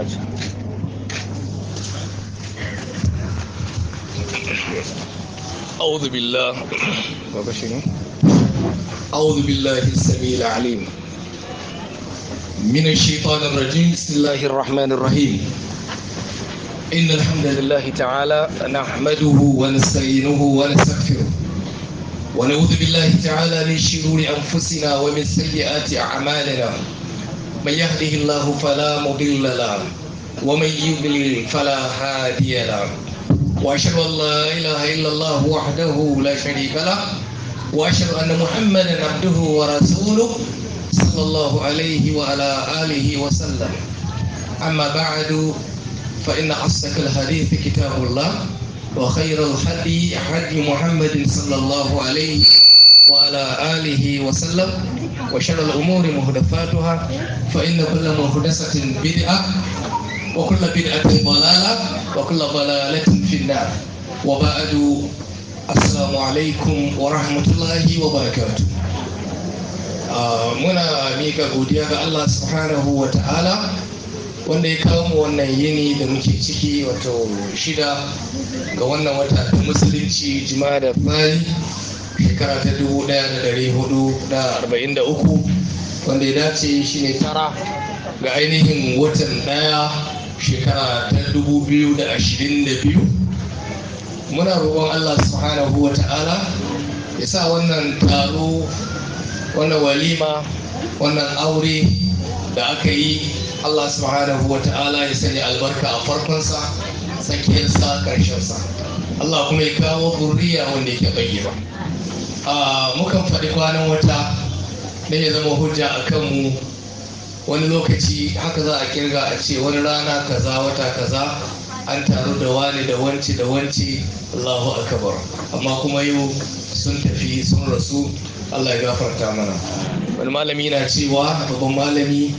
حاجة أعوذ بالله أعوذ بالله السميع العليم من الشيطان الرجيم بسم الله الرحمن الرحيم إن الحمد لله تعالى نحمده ونستعينه ونستغفره ونعوذ بالله تعالى من شرور أنفسنا ومن سيئات أعمالنا من يهده الله فلا مضل له ومن يضلل فلا هادي له واشهد ان لا اله الا الله وحده لا شريك له واشهد ان محمدا عبده ورسوله صلى الله عليه وعلى اله وسلم اما بعد فان اصدق الحديث كتاب الله وخير الحديث هدي محمد صلى الله عليه وعلى اله وسلم وشر الأمور مهدفاتها فإن كل مهدسة بدعة وكل بدعة ضلالة وكل ضلالة في النار وبعد السلام عليكم ورحمة الله وبركاته muna miƙa godiya ga Allah subhanahu wa ta'ala wanda ya kawo mu wannan yini da muke ciki wato shida ga wannan wata da musulunci juma'a da fari shekara ta 1443 wanda ya dace shi ne tara ga ainihin watan daya shekara ta 2022 muna roƙon allah subhanahu wa ta'ala ya sa wannan taro wannan walima wannan aure da aka yi allah subhanahu wa ta'ala ya sanya albarka a farkonsa tsakiyarsa ƙarshensa allah kuma ya kawo burriya wanda ya yake bayyana mukan faɗi kwanan wata da ya zama hujja a kanmu wani lokaci haka za a kirga a ce wani rana kaza wata kaza an taru da wani da wance da wance Allahu akabar amma kuma yau sun tafi sun rasu Allah ya gafarta mana wani malami na cewa babban malami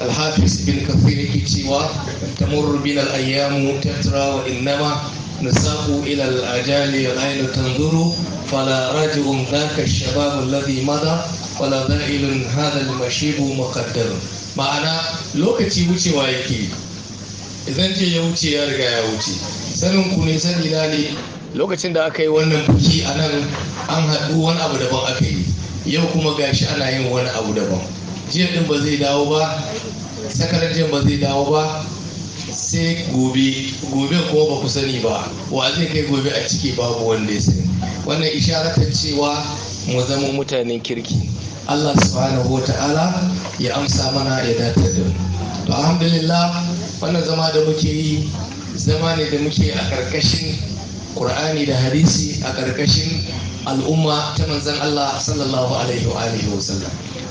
alhafiz bin kafin yake cewa ta murubin al'ayyamu ayyamu tatra wa innama نساق إلى الأجال عين تنظر فلا راجع ذاك الشباب الذي مضى ولا ذائل هذا المشيب مقدر ma'ana lokaci wucewa yake idan ce ya wuce ya riga ya wuce sanin ku ne san na ne lokacin da aka yi wannan buki a nan an haɗu wani abu daban aka yi yau kuma gashi ana yin wani abu daban jiya din ba zai dawo ba sakarajin ba zai dawo ba sai gobe gobe ko ba ku sani ba wa zai kai gobe a ciki babu wanda ya sani wannan isharatar cewa mu zama mutanen kirki Allah subhanahu ta'ala ya amsa mana ya dace da mu to alhamdulillah wannan zama da muke yi zama ne da muke a karkashin Qur'ani da hadisi a karkashin al'umma ta manzon Allah sallallahu alaihi wa alihi wa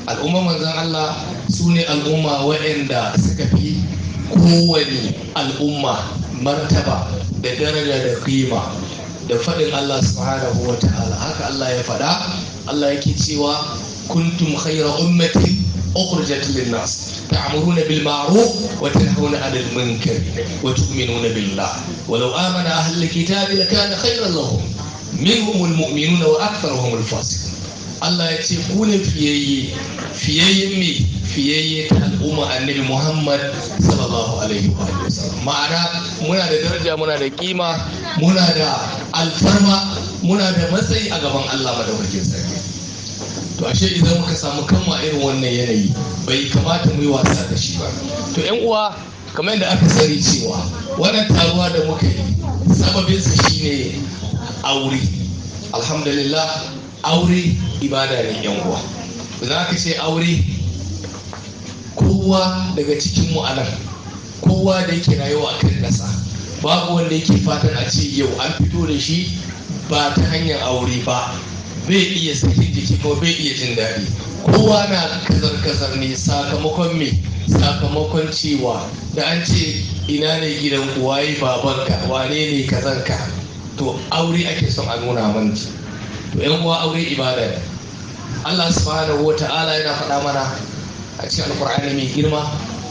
al'umma manzon Allah su al'umma waɗanda suka fi kowane al'umma martaba da daraja da kima da faɗin Allah subhanahu wa ta'ala haka Allah ya faɗa Allah yake cewa kuntum khayra ummati ukhrijat lin nas ta'muruna ummatin أخرجت للناس تعمرون بالمعروف وتنهون عن المنكر وتؤمنون بالله amana ahlul أهل lakana khayran lahum لهم منهم wa وأكثرهم الفاسقون Allah ya ce ku ne fiyayye fiyayye me fiyayye ta al'umma annabi Muhammad sallallahu alaihi wa ma'ana muna da daraja muna da kima muna da alfarma muna da matsayi a gaban Allah madaukakin sarki to ashe idan muka samu kanmu a irin wannan yanayi bai kamata mu yi wasa da shi ba to yan uwa kamar yadda aka sani cewa wannan taruwa da muka yi sababinsa shine aure alhamdulillah aure ibada ne yan uwa za ka ce aure kowa daga cikin mu kowa da yake rayuwa a kan ƙasa babu wanda yake fatan a ce yau an fito da shi ba ta hanyar aure ba bai iya sakin jiki ko bai iya jin daɗi kowa na kazar-kazar ne sakamakon me sakamakon cewa da an ce ina ne gidan waye babanka wane ne kazanka to aure ake son a nuna manci to yan uwa aure ibada ne Allah subhanahu wata'ala yana faɗa mana a cikin alƙur'ani mai girma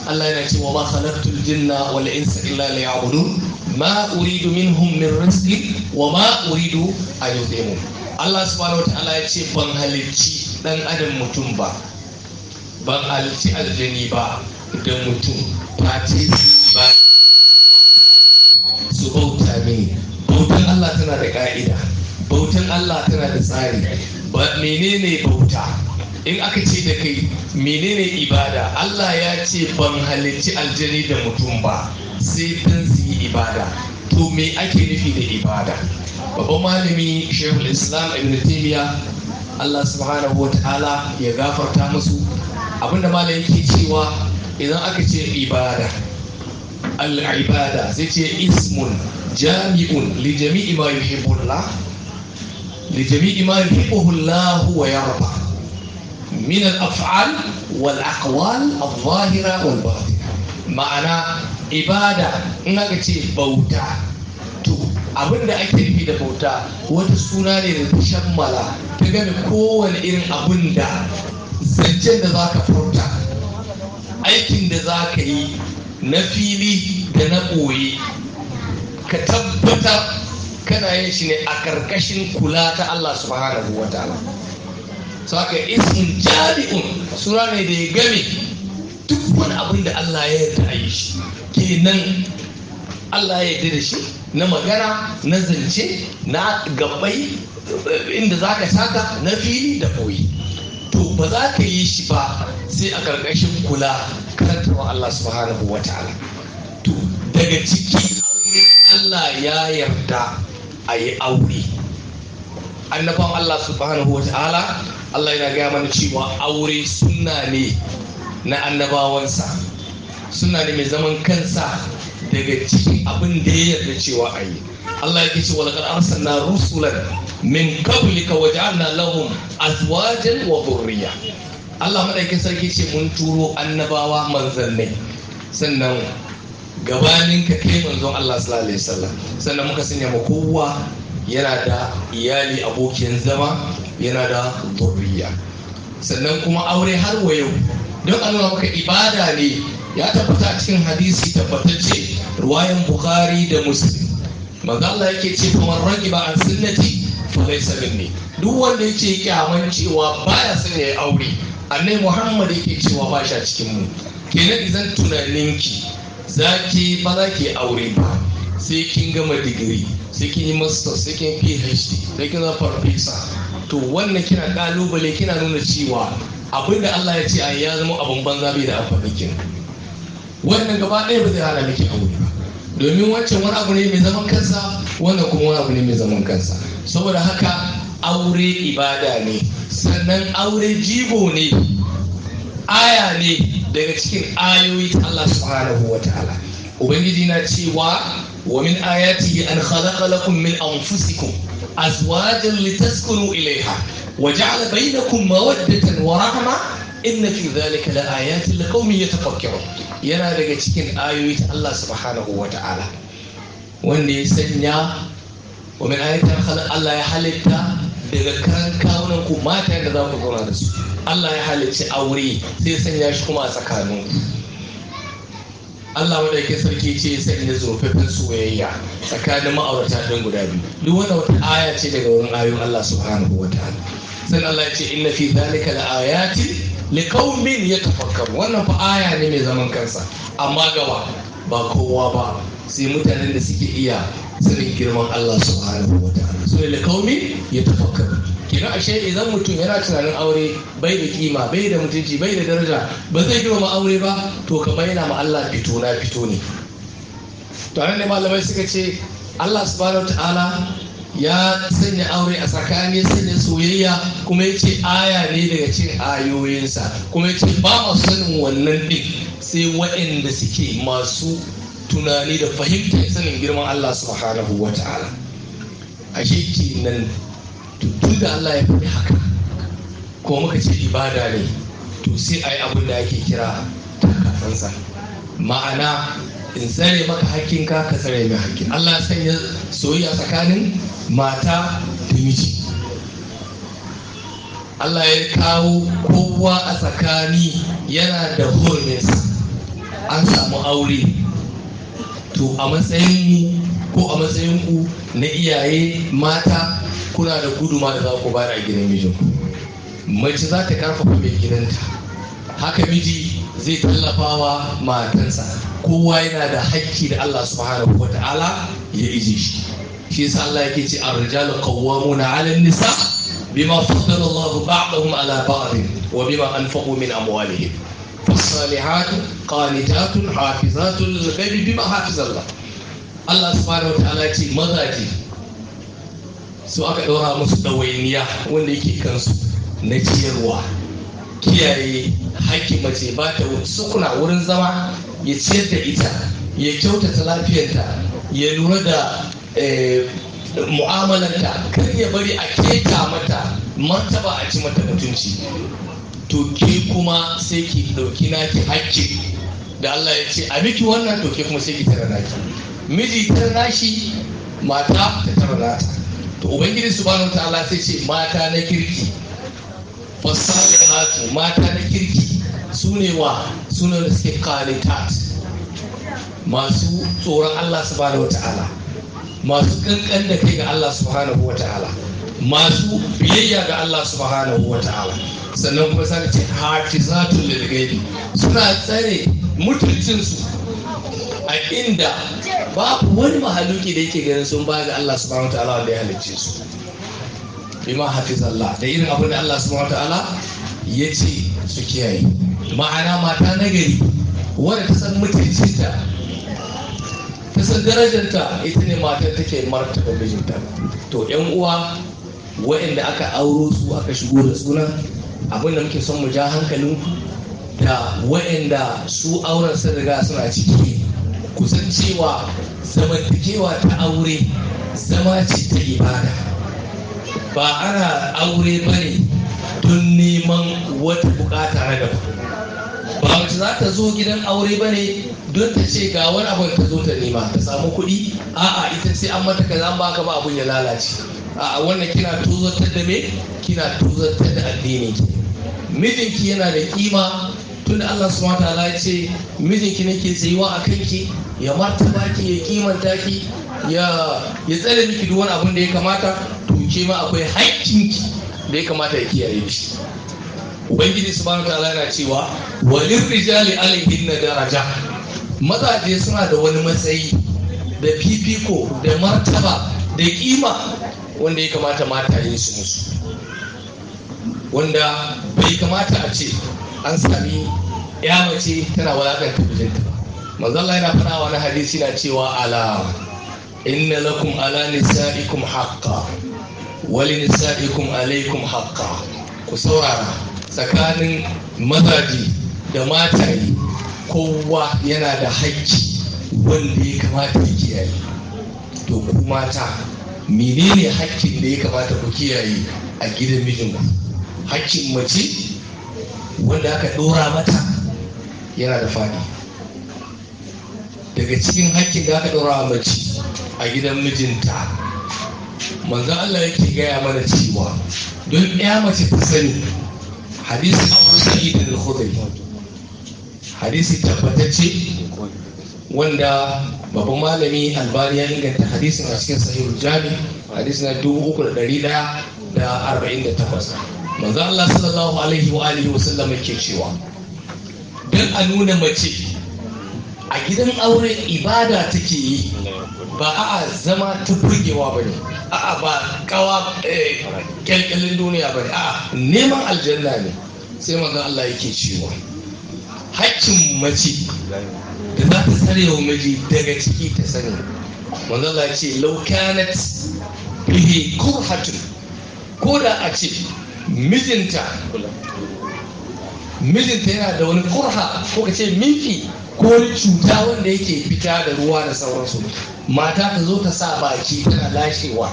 Allah yana cewa ma khalaqtul jinna wal insa illa liya'budun ma uridu minhum min rizqi wa ma uridu an yut'imun Allah subhanahu wata'ala ya ce ban halicci ɗan adam mutum ba ban halicci aljani ba da mutum face Allah tana da tsari ba menene bauta in aka ce da kai menene ibada Allah ya ce ban halicci aljani da mutum ba sai dan su yi ibada to me ake nufi da ibada babban malami shehu islam ibn taymiya Allah subhanahu wa ta'ala ya gafarta musu abinda malami ke cewa idan aka ce ibada al-ibada sai ce ismun jami'un li jami'i ma yuhibbullah لجميع ما يحبه الله ويرضى من الأفعال والأقوال الظاهرة والباطنة معنى إبادة نغتي بوتا تو abin da ake nufi da bauta wata suna ne da ta shammala ta gani kowane irin abin da zancen da za ka furta aikin da za ka yi na fili da na ɓoye ka tabbata kana yin shi ne a karkashin kula ta Allah subhanahu wa ta'ala saka ismin jami'un suna ne da ya game duk wani abin da Allah ya yarda a yi shi kenan Allah ya yarda da shi na magana na zance na gabai inda za ka saka na fili da koyi to ba za ka yi shi ba sai a karkashin kula karantarwa Allah subhanahu wa ta'ala to daga ciki Allah ya yarda a yi aure annabawan Allah subhanahu wa ta'ala Allah yana gaya mana cewa aure suna ne na annabawansa suna ne mai zaman kansa daga cikin abin da ya yarda cewa a yi Allah yake cewa laqad arsalna rusulan min qablika wa ja'alna lahum azwajan wa dhurriyya Allah madaukakin sarki ce mun turo annabawa manzannai sannan gabanin ka kai manzon Allah sallallahu alaihi wasallam sannan muka sanya ma kowa yana da iyali abokin zama yana da zuriya sannan kuma aure har wa yau don Allah maka ibada ne ya tabbata cikin hadisi tabbatacce ruwayan bukhari da muslim manzo Allah yake ce kuma man ba an sunnati fa laysa minni duk wanda yake kyaman cewa baya son ya yi aure annai Muhammad yake cewa ba shi a cikin mu kenan idan tunaninki zaki ba za ki aure ba sai kin gama digiri sai kin yi master sai kin phd sai kin zama farfesa to wannan kina kalubale kina nuna cewa abinda Allah ya ce a ya zama abin banza bai da amfani kin wannan gaba ɗaya ba zai hana miki aure ba domin wancan wani abu ne mai zaman kansa wannan kuma wani abu ne mai zaman kansa saboda haka aure ibada ne sannan aure jibo ne aya ne daga cikin ayoyi ta Allah subhanahu wa ta'ala ubangiji na cewa wa min ayatihi an khalaqa lakum min anfusikum azwajan litaskunu ilayha wa ja'ala bainakum mawaddatan wa rahma inna fi dhalika la ayatin liqaumin yatafakkarun yana daga cikin ayoyi ta Allah subhanahu wa ta'ala wanda ya sanya wa min ayatihi Allah ya halitta daga kan kawunan ku mata yadda za ku zauna da su Allah ya halicci aure sai sanya shi kuma a tsakanin Allah wanda yake sarki ce sanya zurfafin soyayya tsakanin ma'aurata don guda biyu duk wani wata aya ce daga wurin ayoyin Allah subhanahu wa ta'ala sai Allah ya ce inna fi zalika laayatin liqaumin yatafakkaru wannan fa aya ne mai zaman kansa amma gaba ba kowa ba sai mutanen da suke iya sanin girman Allah subhanahu wa ta'ala so da kaumi ya tafakkaru kina ashe idan mutum yana tunanin aure bai da kima bai da mutunci bai da daraja ba zai girma aure ba to kamar yana ma Allah fito na fito ne to ne malamai suka ce Allah subhanahu wa ta'ala ya sanya aure a tsakanin sanya soyayya kuma ya ce aya ne daga cin ayoyinsa kuma ya ce ba masu sanin wannan ɗin sai waɗanda suke masu tunani da fahimtar sanin girman Allah subhanahu wa ta'ala a shi nan tun da Allah ya fi haka ko muka ce ibada ne to sai a yi abin da ake kira takasansa ma'ana in tsare maka hakkinka ka tsare mai hakkin Allah ya sanya soyayya tsakanin mata da miji Allah ya kawo kowa a tsakani yana da hormis an samu aure to a matsayin mu ko a matsayin ku na iyaye mata kuna da guduma da za ku bayar a gidan mijin? mace za ta karfafa mai gidanta haka miji zai tallafawa matansa kowa yana da hakki da Allah subhanahu Ta'ala ya ije shi shi sa Allah yake ce ar-rijalu qawwamuna 'ala an-nisa bima faddala Allahu ba'dahum 'ala ba'd wa bima anfaqu min amwalihim salihatu حافظات hafizatun بما حافظ الله Allah سبحانه وتعالى ce mazaje su aka ɗaura musu ɗawainiya wanda yake kansu na ciyarwa kiyaye hakki mace ba ta sukuna wurin zama ya ciyar da ita ya kyautata lafiyarta ya lura da mu'amalanta kan ya bari a keta mata martaba a ci mata mutunci to kuma sai ki ɗauki naki hakki da Allah ya ce a miki wannan to kuma sai ki tara naki miji tara nashi mata ta tara nata to ubangiji subhanahu ta'ala sai ce mata na kirki fasalihatu mata na kirki su ne wa su da suke qanitat masu tsoron Allah subhanahu ta'ala masu kankan da kai ga Allah subhanahu ta'ala masu biyayya ga Allah subhanahu ta'ala sannan kuma sa ce hafizatul lil suna tsare mutuncinsu a inda babu wani mahaluki da yake ganin sun ba da Allah subhanahu Taala wanda ya halicce su bima hafizallah da irin abin da Allah subhanahu Taala ya ce su kiyaye ma'ana mata nagari wadda ta san mutuncinta ta san darajarta ita ne matar take martaba mijinta to yan uwa waɗanda aka auro su aka shigo da suna. abin da muke son mu ja hankalin ku da waɗanda su auren sun suna ciki kusan cewa zamantakewa ta aure zama ce ta ibada ba ana aure ba ne don neman wata bukata na gaba ba mace za ta zo gidan aure ba ne don ta ce ga wani abin ta zo ta nema ta samu kuɗi a'a ita ce an mata kaza ba ka ba abin ya lalace a wannan kina tuzartar da me kina tuzartar da addinin mijinki yana da kima tunda Allah subhanahu wataala ya ce mijinki nake tsayuwa a kanki ya martaba ki ya kimanta ki ya tsare miki duk wani abin da ya kamata to ke ma akwai haƙƙinki da ya kamata ya kiyaye shi ubangiji subhanahu ta yana cewa walin rijali alaihin na daraja mazaje suna da wani matsayi da fifiko da martaba da kima wanda ya kamata mata yin su musu wanda bai kamata a ce an sami ya mace tana wadatar ba. mazalla yana fara wani hadisi na cewa ala inna lakum ala nisa'ikum haqqa wali nisa'ikum alaikum haqqa ku saurara tsakanin mazaji da mataye kowa yana da haƙƙi wanda ya kamata ya kiyaye to ku mata menene haƙƙin da ya kamata ku kiyaye a gidan mijin mijinku hakkin mace wanda aka ɗora mata yana da faɗi daga cikin hakkin da aka ɗora mace a gidan mijinta manzan Allah yake gaya mana cewa don ya mace ta sani hadisi abu sa'id al-khudri hadisi tabbatacce wanda babban malami albani ya inganta hadisin a cikin sahihul jami hadisi na takwas. manzo Allah sallallahu alaihi wa alihi wasallam yake cewa dan a nuna mace a gidan aure ibada take yi ba a zama ta burgewa ba ne a ba kawa eh, kyalkyalin duniya ba ne a neman aljanna ne sai manzo Allah yake cewa haƙƙin mace da za ta tsare wa miji daga ciki ta sani manzo Allah ya ce kanat bihi kurhatun ko da a ce mijinta mijinta yana da wani kurha ko ka ce minki ko cuta wanda yake fita da ruwa da sauransu mata ta zo ta sa baki tana lashewa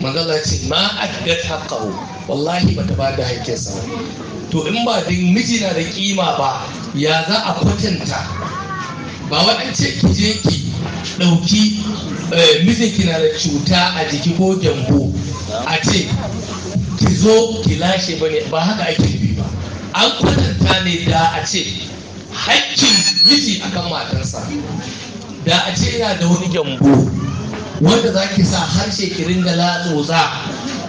manzala ce ma addat haqqahu wallahi bata ba da haƙƙinsa ba to in ba din miji na da kima ba ya za a kwatanta ba waɗance ki je ki ɗauki eh, mijinki na da cuta a jiki ko gyambo a ce ki zo ki lashe bane ba haka ake bi ba an kwatanta ne da a ce haƙƙin miji akan matarsa da a ce yana da wani gyambo wanda za ki sa harshe ki ringa latsotsa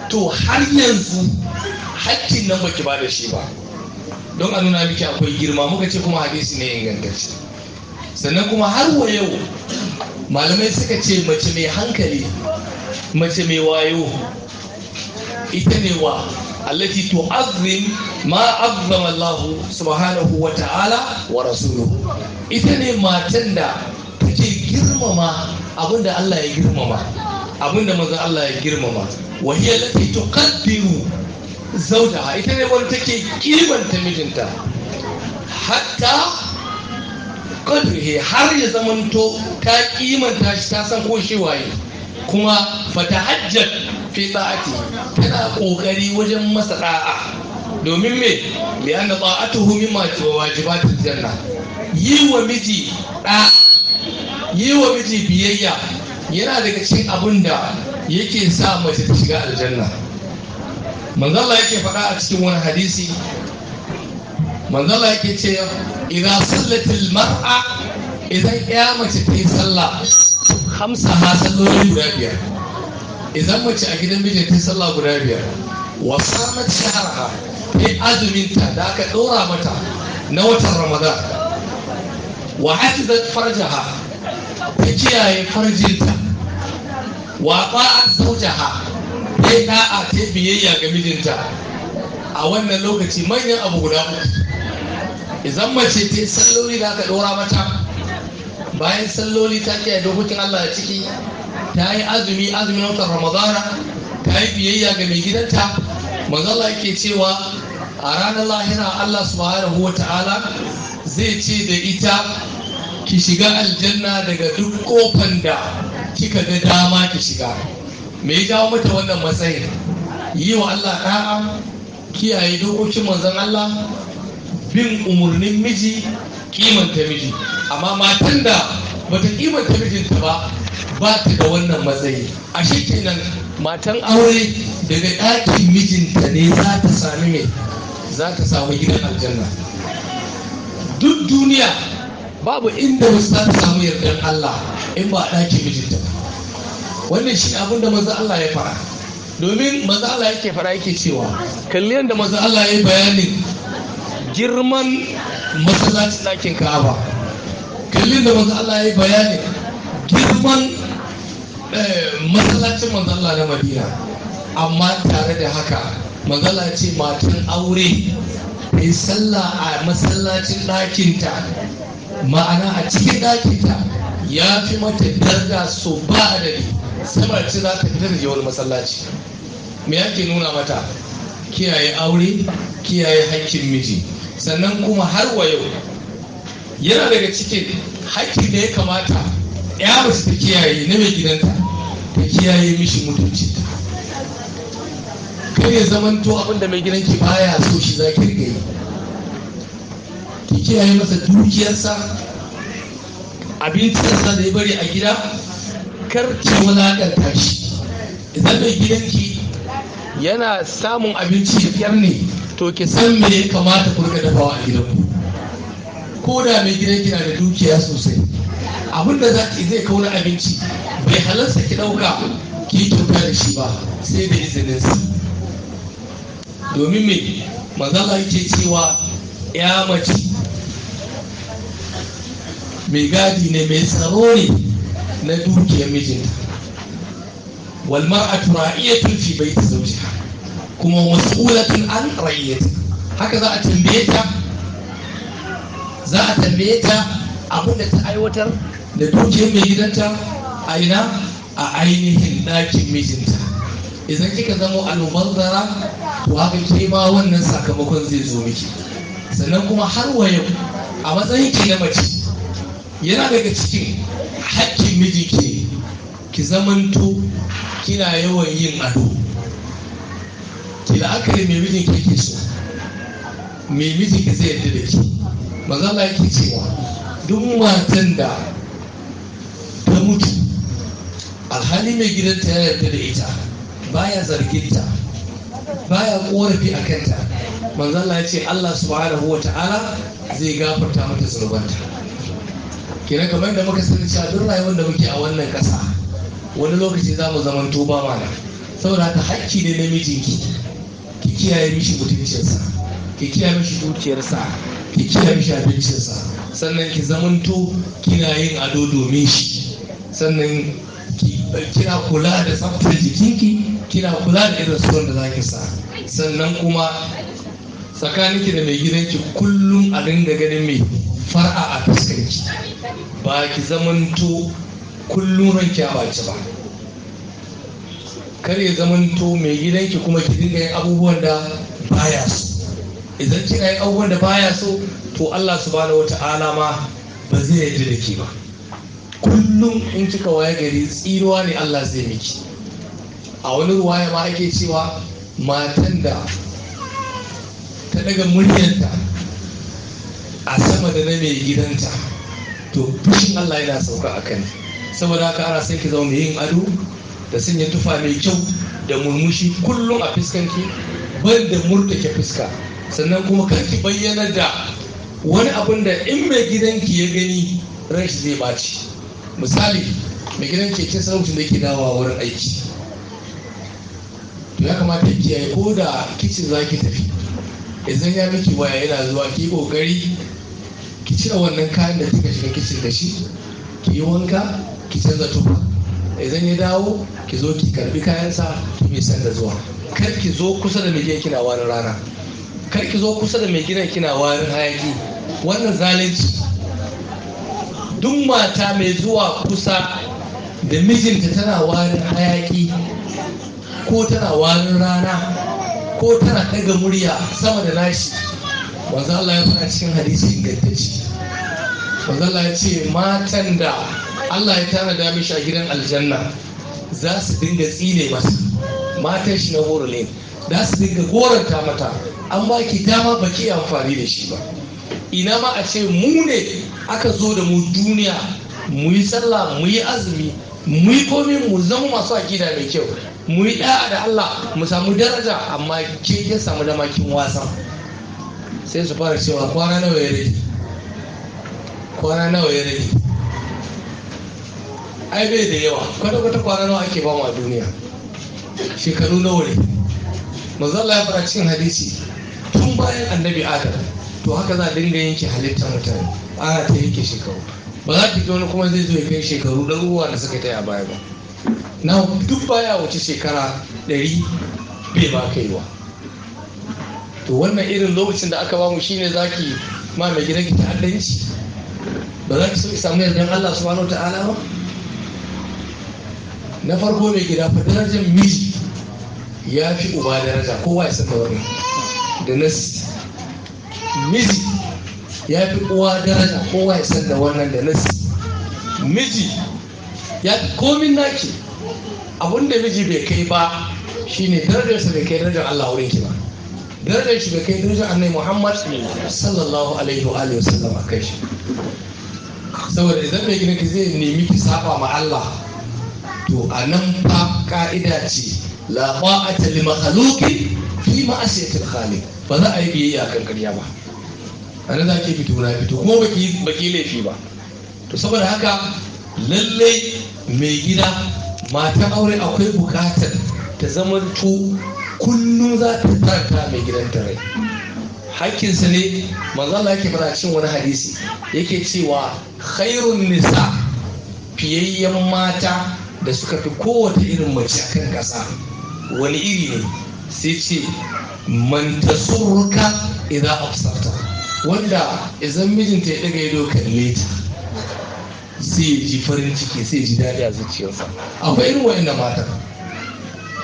to har yanzu haƙƙin nan baki ba da shi ba don a nuna miki akwai girma muka ce kuma hadisi ne ingantacce sannan kuma har wa yau malamai suka ce mace mai hankali mace mai wayo ita ne wa allati tu'azzim ma azzama Allah subhanahu wa ta'ala wa rasuluhu ita ne matan da take girmama abinda Allah ya girmama abinda maza Allah ya girmama wa hiya allati tuqaddiru zawjaha ita ne wanda take kimanta mijinta hatta kadrihi har ya zamanto ta kimanta shi ta san ko shi waye kuma fatahajjat fi ta'ati tana kokari wajen masa da'a domin me li anna ta'atuhu mimma wajibatul janna yi wa miji da yi wa miji biyayya yana daga cikin abin da yake sa mace ta shiga aljanna manzala yake faɗa a cikin wani hadisi manzala yake ce idan sallatil mar'a idan ya mace ta yi sallah hamsa ha salloli guda biyar idan mace a gidan mijin ta sallah guda biyar wa samat shahara ta azuminta da aka ɗora mata na watan ramadan wa hafizat farjaha ta kiyaye farjinta wa ba'at zawjaha ta da'a ta biyayya ga mijinta a wannan lokaci manyan abu guda uku idan mace ta yi salloli da aka ɗora mata bayan salloli ta kiyaye dokokin Allah a ciki ta yi azumi azumin watan ramadana ta yi biyayya ga mai gidanta manzala yake cewa a ranar lahira allah subhanahu wa ta'ala zai ce da ita ki shiga aljanna daga duk kofan da kika ga dama ki shiga mai jawo mata wannan matsayin yi wa allah ɗa'a, kiyaye dokokin manzan allah bin umarnin miji kimanta miji amma matan da bata kimanta mijinta ba ba ta da wannan matsayi a shi kenan matan aure daga ɗakin mijinta ne za ta sami mai za ta samu gidan aljanna duk duniya babu inda wasu za ta samu yardar Allah in ba ɗakin mijinta ba wannan shi abin da maza Allah ya fara domin maza Allah yake fara yake cewa kalli yadda maza Allah ya bayanin girman masallacin ɗakin Ka'aba kalli da maza Allah ya yi bayanin girman eh, masallacin mazalla na madina amma tare da haka manzalla ce matan aure mai sallah a masallacin ɗakinta ma'ana a cikin ɗakinta ya fi mata darda so ba adadi sama ce za ta fita da wani masallaci me yake nuna mata kiyaye aure kiyaye hakkin miji sannan kuma har wa yau yana daga cikin haƙƙin da ya kamata ya mace ta kiyaye na mai gidanta ta kiyaye mishi mutunci Kar ne zaman to abin da mai gidan ki baya so shi za ki rike ki kiyaye masa dukiyarsa abincinsa da ya bari a gida kar ki wulaƙanta shi idan mai gidanki yana samun abinci ya kyar ne to ki san me ya kamata ku dafawa a gidanku ko da mai gidanki na da dukiya sosai abin da za ki zai kauna abinci bai halarsa ki ɗauka ki yi kyauta da shi ba sai da izinin su domin me mazala yake cewa ya mace mai gadi ne mai tsaro ne na dukiyar mijinta walmar a turaiya fi bai ta zauce. kuma mas'ulatun an rayyata haka za a tambaye ta za a tambaye ta abin da ta aiwatar da dukiyar mai gidanta a ina a ainihin ɗakin mijinta idan kika zama almubazzara to haka ke ma wannan sakamakon zai zo miki sannan kuma har wa yau a matsayin ki na mace yana daga cikin hakkin mijinki ki zamanto kina yawan yin ado ki la'akari mai mijinki ke so mai mijinki zai yarda da ki maza Allah ke cewa duk matan da alhali mai gidanta ya yarda da ita baya zarginta baya korafi a kanta manzala ya ce Allah subhanahu wa ta'ala zai gafarta mata zurbanta kira kamar da muka sani cewa rayuwar da muke a wannan ƙasa wani lokaci za mu zaman tuba mana saboda haka hakki ne na mijinki ki kiyaye mishi mutuncinsa ki kiyaye mishi dukiyarsa ki kiyaye mishi abincinsa sannan ki zamanto kina yin ado domin shi sannan Eh, kina kula da tsaftar jikinki kina kula da irin suwan da zaki sa sannan kuma tsakaninki da mai gidanki kullum a dinga ganin mai far'a a fuskanki ba ki zamanto kullum ranki a ba kar ya zamanto mai gidanki kuma ki dinga yin abubuwan da baya so idan kina yin abubuwan da baya so to Allah subhanahu wata'ala ma ba zai yarda da ke ba kullum in cika waya gari tsiruwa ne Allah zai miki a wani ruwaya ma ake cewa matan da ta daga muryanta a sama da na mai gidanta to fushin Allah yana sauka a kan saboda haka ana son ki zama mai yin ado da sanya tufa mai kyau da murmushi kullum a fuskanki ban da murtake fuska sannan kuma karki bayyana da wani abun da in mai gidanki ya gani rashi zai baci misali mai gidan keke sautin da dawa dawowa wurin aiki to ya kamata ki yi ko da kicin za ki tafi idan ya miki waya yana zuwa ki kokari ki cire wannan kayan da kika shiga kicin da shi ki yi wanka ki canza tufa idan ya dawo ki zo ki karbi kayansa ki mai sanda zuwa kar ki zo kusa da mai gidan kina wani rana kar ki zo kusa da mai gidan kina wani hayaki wannan zalunci duk mata mai zuwa kusa da mijinta tana warin hayaki ko tana warin rana ko tana daga murya sama da nashi wanzan Allah ya fara cikin hadisi ingantacce wanzan Allah ya ce matan da Allah ya tana da mishi a gidan aljanna za su dinga tsine masa matan shi na goro ne za su dinga goranta mata an baki dama baki amfani da shi ba ina ma a ce mu ne aka zo da mu duniya mu yi sallah mu yi azumi mu yi komi mu zama masu aƙida mai kyau mu yi ɗa'a da Allah mu samu daraja amma ke ya samu damakin wasa sai su fara cewa kwana nawa ya rage kwana nawa ya rage ai bai da yawa kwata-kwata kwana nawa ake bama a duniya shekaru nawa ne mazalla ya fara cikin hadisi tun bayan annabi adam to haka za a dinga yanke halittar mutane ana ta yake shekaru ba za ki wani kuma zai zo ya kai shekaru ɗaruruwa da suka taya baya ba na duk baya wuce shekara ɗari bai ba wa? to wannan irin lokacin da aka bamu shine zaki ma mai gidan ki ta'addanci ba za ki so ki samu yardan Allah subhanahu ta'ala ba na farko mai gida fa darajar miji ya fi uba daraja kowa ya san da miji ya fi uwa daraja kowa ya san da wannan da nasi miji ya fi komin naki abin miji bai kai ba shine darajarsa bai kai darajar Allah wurin ki ba darajar shi bai kai darajar annai Muhammad sallallahu alaihi wa alihi wasallam kai shi saboda idan bai gina ki zai nemi ki saba ma Allah to a nan fa ka'ida ce la ta'ata li makhluqin fi ma'asiyatil khaliq ba za a yi biyayya kan karya ba a nan za ke fito na fito kuma baki laifi ba to saboda haka lallai mai gida matan aure akwai bukatar ta to kullum za ta tarka mai ta rai hakkinsa ne manzo Allah yake fara cin wani hadisi yake cewa khairun nisa fiyayyen mata da suka fi kowace irin mace kan ƙasa wani iri ne sai ce man idan idza absarta wanda idan mijinta ya daga ido kalle ta sai ya ji farin ciki sai ya ji daɗi a zuciyarsa akwai irin wa'in matan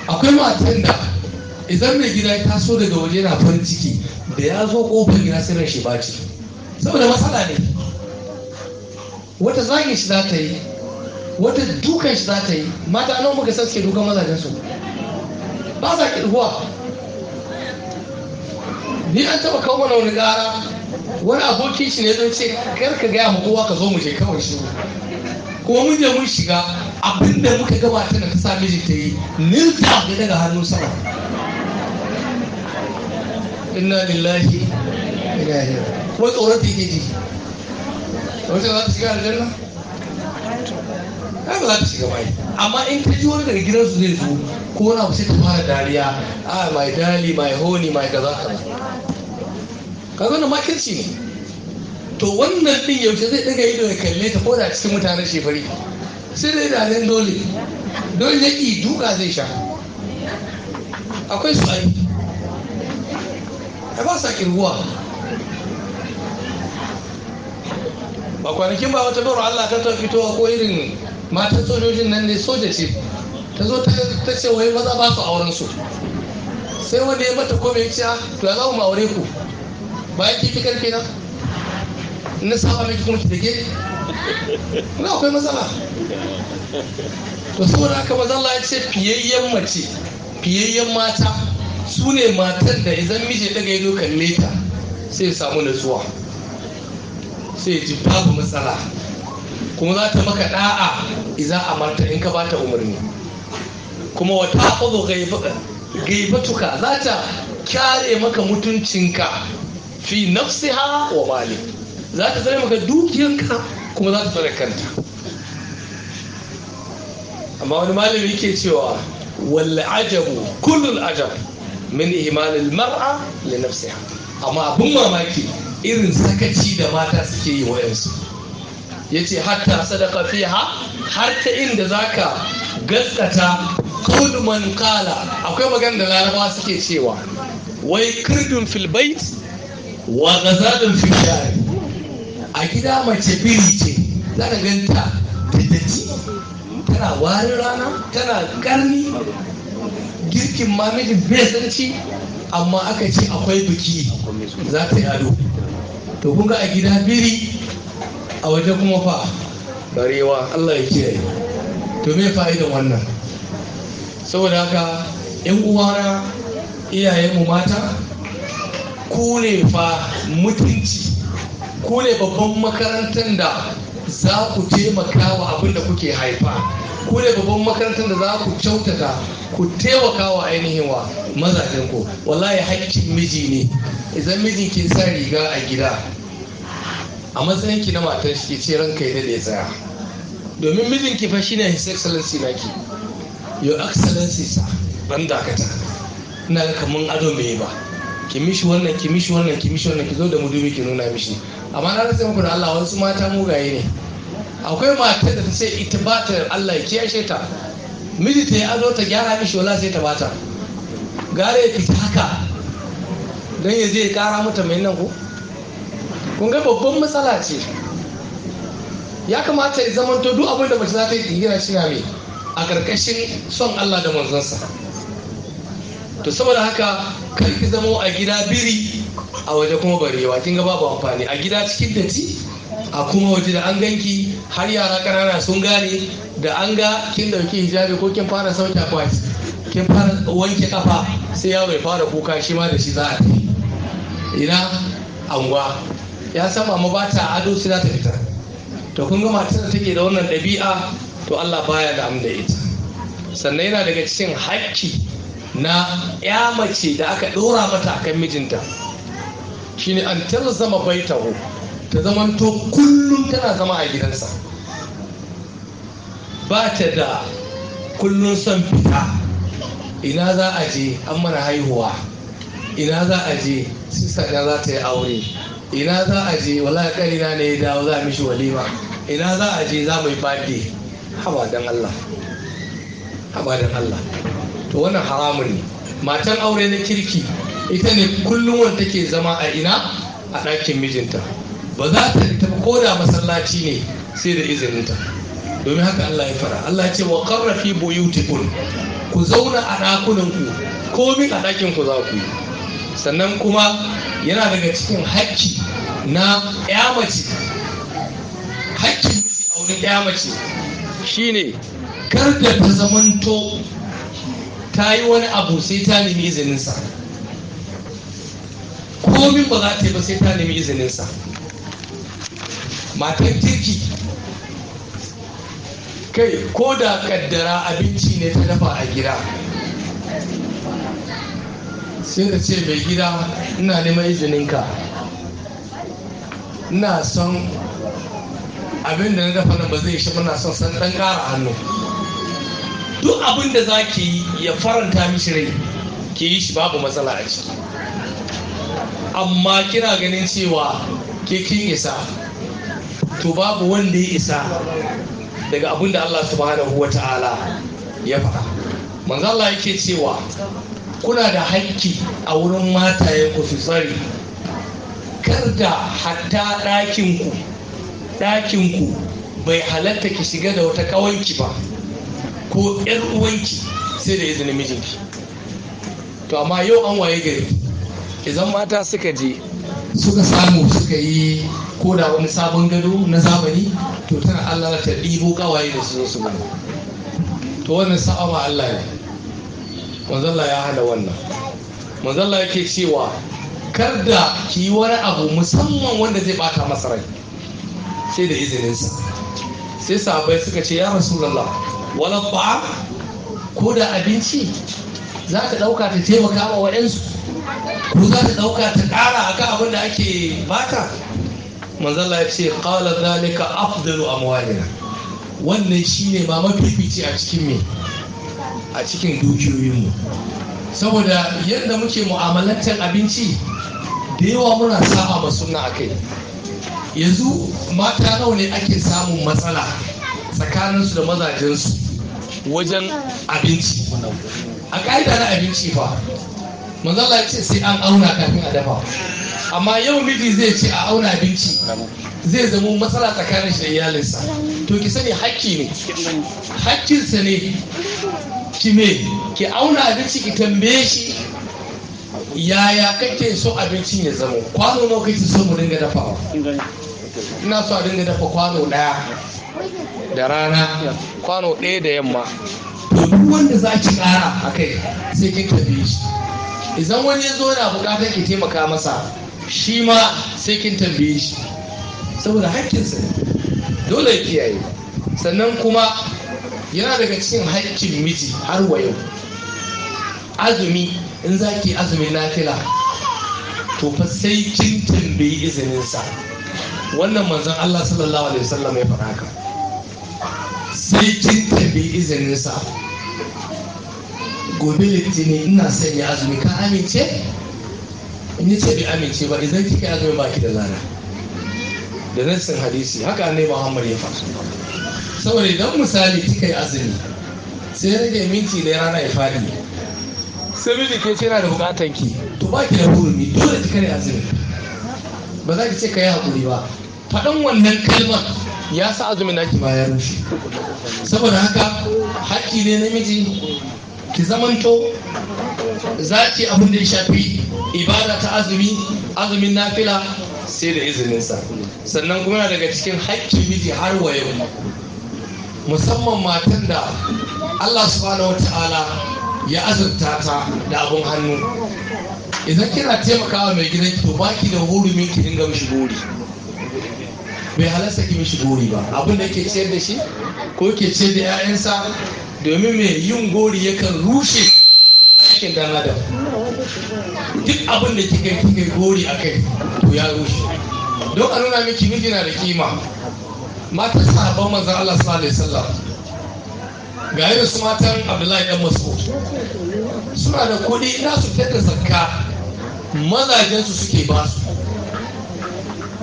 akwai matan da idan mai gida ya taso daga waje na farin ciki da ya zo kofar gida sai ran shi baci saboda matsala ne wata zagin shi za ta yi wata dukan shi za ta yi mata nan muka san suke dukan mazajen su ba ki ruwa ni an taba kawo mana wani gara wani abokin shi ne zai ce kar ka gaya mu kowa ka zo mu je kawai shi kuma mun je mun shiga abinda muka gabata da ta sa miji ta yi nilta da daga hannun sama inna lillahi ina ilaihi Ko tsoron ta yake ji wata za ta shiga aljanna ai ba za ta shiga bai amma in ka ji wani daga gidansu zai zo ko na wuce sai ta fara dariya ah my darling my honey my kaza kaza kaga da makirci ne to wannan din yaushe zai daga ido ya kalle ta ko da cikin mutanen shefari sai dai da ran dole dole ya ki duka zai sha akwai su ai ba sa kirguwa ba kwanakin ba wata doro Allah ta ta fitowa ko irin matan sojojin nan ne soja ce ta zo ta ce wai maza ba su auren su sai wanda ya mata kome ya ce ah, to ya za mu aure ku bayan kike karfe na na saba miki kuma ki dake na akwai matsala to saboda haka maza ya ce fiyayyen mace fiyayyen mata su ne matan da idan miji daga ya kalle ta sai ya samu nutsuwa sai ya ji babu matsala kuma za ta maka da'a iza amarta in ka ba ta umarni kuma wata ƙwazo gaibatuka za ta kyare maka mutuncinka fi nafsiha wa mali za ta tsare maka dukiyarka kuma za ta tsare kanta amma wani malami yake cewa wal ajabu kullul ajab min imanin mar'a li ha. amma abin mamaki irin sakaci da mata suke yi wayansu yace hatta sadaka fiha har ta inda zaka gaskata kulman kala akwai magana da larabawa suke cewa wai kirdun filbait wa gazalin fi a gida mace biri ce za ka ganta da daji tana warin rana tana karni girkin ma miji bai sarci amma aka ce akwai biki za ta yado to kun ga a gida biri a waje kuma fa barewa Allah ya kiyaye to me fa'idan wannan saboda haka yan uwana iyayenmu mata ku ne fa mutunci ku babban makarantar da za ku taimaka wa abin da kuke haifa ku babban makarantar da za ku kyautata ku taimaka wa ainihin wa mazajen ku wallahi haƙƙin miji ne idan miji ke sa riga a gida a matsayin na matar shi ce ranka ya daɗe tsaya domin mijinki ki fa shine his excellency na ki your excellency sa ban dakata ina ga kaman ado mai ba ki mishi wannan ki mishi wannan ki mishi wannan ki zo da mudubi ki nuna mishi amma na rasa muku da Allah wasu mata mugaye ne akwai mata da ta ce ita ba ta Allah ya kiyashe ta miji ta yi azo ta gyara mishi wala sai ta bata gare ya fita haka don ya zai kara mata mai nan ko kun ga babban matsala ce ya kamata ya zamanto duk abin da mace za ta yi gina shi mai a karkashin son Allah da manzansa to saboda haka kai ki zamo a gida biri a waje kuma barewa kin ga babu amfani a gida cikin datti a kuma waje da an ganki har yara ƙanana sun gane da an ga kin dauki hijabi ko kin fara sauke akwati kin fara wanke kafa sai yaro ya fara kuka shi ma da shi za a tafi ina angwa ya san mama ba ta ado sai za ta fita to kun ga matar da take da wannan ɗabi'a to Allah baya da amda ita sannan yana daga cikin hakki na ya mace da aka ɗora mata kan mijinta shine an talzama baitahu ta zamanto kullum tana zama a gidansa ba ta da kullum son fita ina za a je an mana haihuwa ina za a je sista za ta yi aure ina za a je wala na ne ya dawo za a mishi walima ina za a je za mu yi bade haba don Allah haba don Allah to wannan haramun ne matan aure na kirki ita ne kullum wanda take zama a ina a ɗakin mijinta ba za ta tafi ko masallaci ne sai da izininta domin haka Allah ya fara Allah ya ce wa qarra fi buyutikum ku zauna a ɗakunan ku komi a ɗakin ku za ku yi sannan kuma yana daga cikin hakki na ya mace hakkin aure ya mace shine kar da ta zamanto ta yi wani abu sai ta nemi izininsa komin ba za ta yi ba sai ta nemi izininsa matan kirki kai ko da kaddara abinci ne ta dafa a gida sai da ce mai gida ina neman izininka ina son abin da na dafa nan ba zai shi muna son san dan kara hannu duk abin da za ki yi ya faranta mishi rai ki yi shi babu matsala a ciki amma kina ganin cewa ke kin isa to babu wanda ya isa daga abin da Allah subhanahu wa ta'ala ya faɗa manzo Allah yake cewa kuna da haƙƙi a wurin matayen ku su tsari kar da hatta ɗakinku ɗakinku bai halatta ki shiga da wata ƙawanki ba ko yar uwanki sai da izinin mijinki to amma yau an waye gari idan mata suka je suka samu suka yi koda wani sabon gado na zamani to tana allah ta ɗibo kawaye da su su gani to wannan sa'awa allah ne manzalla ya hada wannan manzalla yake cewa kar da ki yi wani abu musamman wanda zai bata masa sai da izininsa sai sahabbai suka ce ya rasulullah wala ba ko da abinci za ta ta taimaka wa waɗansu ko za ta ɗauka ta ƙara akan abin da ake bata manzala ya ce qala zalika afdalu amwalina wannan shine ma mafifici a cikin me a cikin dukiyoyinmu saboda yadda muke mu'amalantar abinci da yawa muna saba ma a akai yanzu mata nawa ne ake samun matsala tsakaninsu da mazajensu wajen abinci a ƙa'ida na abinci fa manzala ya ce sai an auna kafin a dafa amma yau miji zai ce a auna abinci zai zama matsala tsakanin shi da iyalinsa to ki sani hakki ne hakkinsa ne ki me ki auna abinci ki tambaye shi yaya kake so abincin ya zama kwano nawa kake so mu dinga dafawa ina so a dinga dafa kwano daya da rana kwano ɗaya da yamma duk wanda za ki kara a kai sai kin tafi shi idan wani ya zo yana bukatar ki taimaka masa shi ma sai kin tambaye shi saboda haƙƙinsa dole ya kiyaye sannan kuma yana daga cikin haƙƙin miji har wa yau azumi in za ki azumin nafila to fa sai kin tambayi izininsa wannan manzon Allah sallallahu alaihi wasallam ya faɗa haka sai kin tabi izininsa gobe litini ina sanya azumi ka amince in yi ce bai amince ba idan kika yi azumi baki da lana da nassin hadisi haka ne muhammad ya faɗi saboda idan misali kika yi azumi sai rage minti da rana ya faɗi sai miji ke ce yana da bukatan ki to ki da hurumi dole kika yi azumi ba za ki ce ka yi haƙuri ba faɗin wannan kalmar ya sa azumin naki ma ya rushe saboda haka haƙƙi ne namiji ki zamanto za ki abin da ya shafi ibada ta azumi azumin nafila sai da izininsa sannan kuma daga cikin haƙƙin miji har wa yau musamman matan da Allah subhanahu ta'ala ya azurta ta da abun hannu idan kina taimakawa mai gidanki to baki da hurumin ki dinga mishi gori bai halasta ki mishi gori ba abin da ke ciyar da shi ko ke ce da 'ya'yansa domin mai yin gori yakan rushe cikin dan adam duk abin da kika kika gori a kai to ya rushe don a nuna miki miji na da kima matan sahabban manzon Allah sallallahu alaihi wasallam ga irin su matan Abdullahi dan masu suna da kuɗi ina su fita da zakka Mazajensu suke suke basu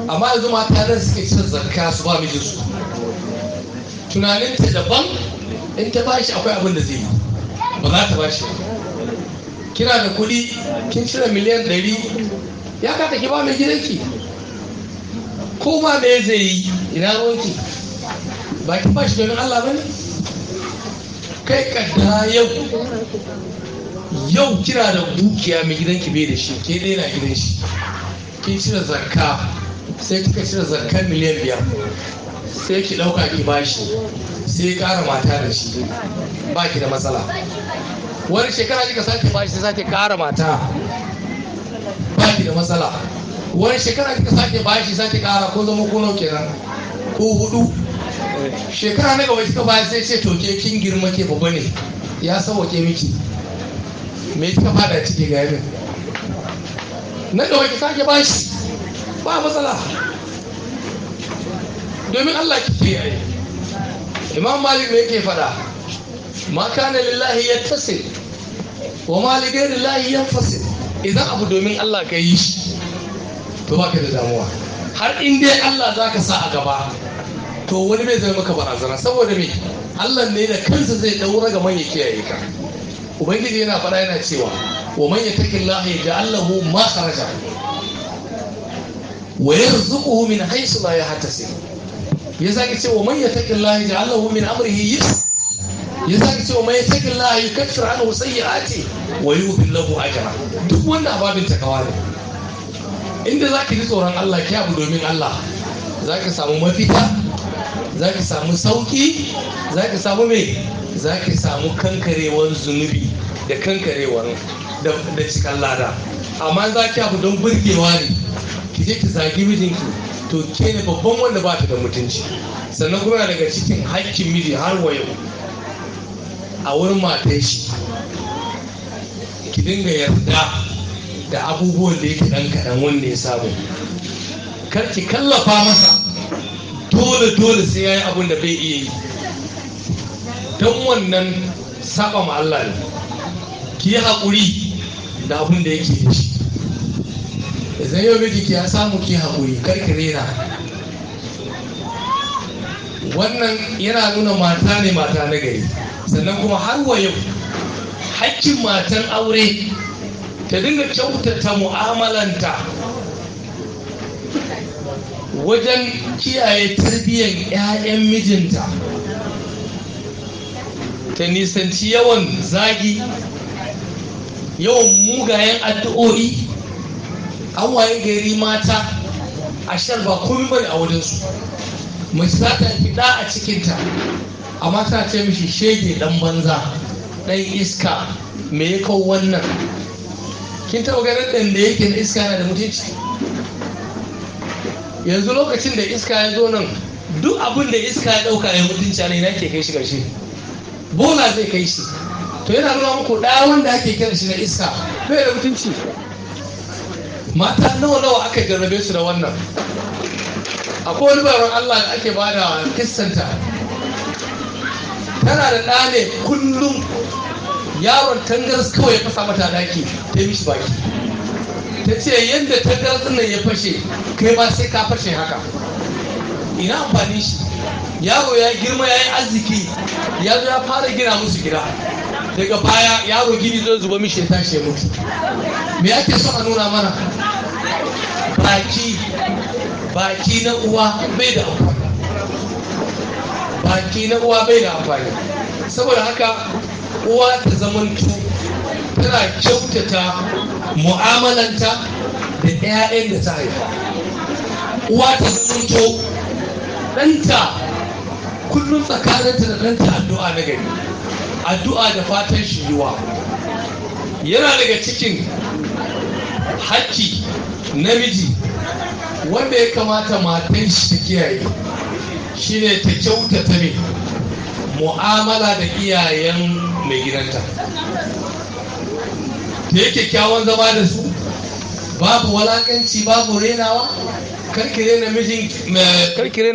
amma yanzu mata nan suke cin zarka su ba mijinsu ta daban in ta bashi akwai abin da zai yi ba za ta bashi kira da kuɗi kin cire miliyan ɗari ya kata ki ba mai gidanki ko ma me zai yi ina ruwanki ba ki bashi domin Allah ba ne kai da yau yau kira da dukiya mai gidanki bai da shi ke daina gidan shi kin cire zakka sai kika cire zakkan miliyan biyar sai ki ɗauka ki bashi sai ƙara mata da shi ba ki da matsala wani shekara kika sake bashi sai sake ƙara mata ba ki da matsala wani shekara kika sake bashi sake ƙara ko zama ko kenan ko hudu shekara na gaba kika bashi sai ce to ke kin girma ke babba ne ya sauwake miki me kika fada ciki ga yamin na gaba ki sake bashi ba matsala domin Allah ki yi imam malik ne yake fada ma kana lillahi ya tase wa maligai lillahi ya fase idan abu domin Allah ka yi shi to ka da damuwa har in dai Allah za ka sa a gaba to wani bai zai maka barazana saboda me Allah ne da kansa zai daura ga manya kiyaye ka ubangiji yana fada yana cewa wa man da ja'alahu makharaja wa yarzuquhu min haythu la yahtasib ya zaki ce wa man yattaqillahi ja'alahu min amrihi yusra ya zaki ce wa man yattaqillahi yukaffir anhu sayyi'ati wa yubil lahu ajra duk wannan babin ta ne inda zaki ji tsoron Allah ki abu domin Allah zaki samu mafita zaki samu sauki zaki samu me zaki samu kankarewar zunubi da kankarewar da cikin lada amma za ki abu don burgewa ne ki je ki zagi mijinki to ke ne babban wanda ba ta da mutunci sannan kuma daga cikin hakkin miji har wayo a wurin matan shi ki dinga yarda da abubuwan da yake dan kaɗan wanda ya samu kar ki kallafa masa dole dole sai ya yi abin da bai iya yi don wannan saba ma Allah ne ki yi haƙuri da abin da yake da shi idan yau mijinki ya samu ki haƙuri kar ki rera wannan yana nuna mata ne mata na gari sannan kuma har wa yau hakkin matan aure ta dinga kyautata mu'amalanta wajen kiyaye tarbiyyar 'ya'yan mijinta ta nisanci yawan zagi yawan mugayen addu'o'i an waye gari mata a shar ba komai bane a wajensu mace za ta fida a cikinta amma ta ce mishi shege dan banza dan iska me ya kawo wannan kin taɓa ganin ɗan da yake na iska yana da mutunci yanzu lokacin da iska ya zo nan duk abin da iska ya ɗauka ya mutunci ne na ke kai shi ƙarshe bola zai kai shi to yana nuna muku ɗaya wanda ake kira shi na iska bai da mutunci mata nawa nawa aka jarrabe su da wannan akwai wani baron Allah da ake bada kissanta tana da ɗa ne kullum yaron tangaras kawai ya fasa mata daki ta mishi baki ta ce yadda tangaras nan ya fashe kai ba sai ka fashe haka ina amfani shi yaro ya girma ya yi arziki ya zo ya fara gina musu gida daga baya yaro gini zai zuba mishi ya tashi ya mutu me ake so a nuna mana baki baki na uwa bai da amfani baki na uwa bai da amfani saboda haka uwa ta zamantu tana kyautata mu'amalanta da 'ya'yan da ta haifa uwa ta zamanto ɗanta kullum tsakaninta da ɗanta addu'a na gari addu'a da fatan shi yiwa, yana daga cikin haƙƙi namiji wanda ya kamata matan shi ta kiyaye shine ta kyautata ne mu'amala da iyayen mai gidanta Ta yake kyawun zama da su babu walakanci babu renawa karkire na mijin eh, karkire